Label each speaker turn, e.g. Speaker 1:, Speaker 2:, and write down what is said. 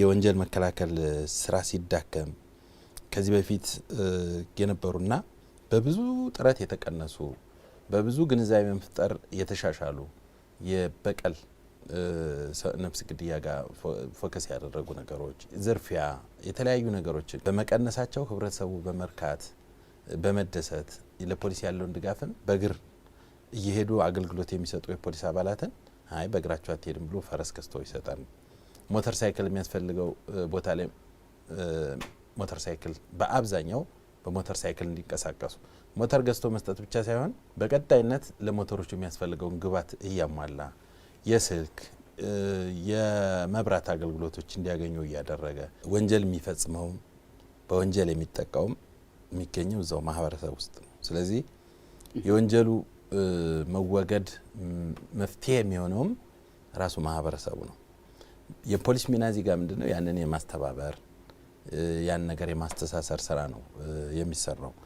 Speaker 1: የወንጀል መከላከል ስራ ሲዳከም ከዚህ በፊት የነበሩና በብዙ ጥረት የተቀነሱ በብዙ ግንዛቤ መፍጠር የተሻሻሉ የበቀል ነፍስ ግድያ ጋር ፎከስ ያደረጉ ነገሮች፣ ዝርፊያ፣ የተለያዩ ነገሮች በመቀነሳቸው ህብረተሰቡ በመርካት በመደሰት ለፖሊስ ያለውን ድጋፍን በእግር እየሄዱ አገልግሎት የሚሰጡ የፖሊስ አባላትን አይ በእግራቸው አትሄድም ብሎ ፈረስ ገዝቶ ይሰጣል። ሞተር ሳይክል የሚያስፈልገው ቦታ ላይ ሞተር ሳይክል በአብዛኛው በሞተር ሳይክል እንዲንቀሳቀሱ ሞተር ገዝቶ መስጠት ብቻ ሳይሆን በቀጣይነት ለሞተሮቹ የሚያስፈልገውን ግብዓት እያሟላ የስልክ የመብራት አገልግሎቶች እንዲያገኙ እያደረገ ወንጀል የሚፈጽመውም በወንጀል የሚጠቃውም የሚገኘው እዛው ማህበረሰብ ውስጥ ነው። ስለዚህ የወንጀሉ መወገድ መፍትሄ የሚሆነውም ራሱ ማህበረሰቡ ነው። የፖሊስ ሚና እዚህ ጋር ምንድነው? ያንን የማስተባበር ያን ነገር የማስተሳሰር ስራ ነው የሚሰራው።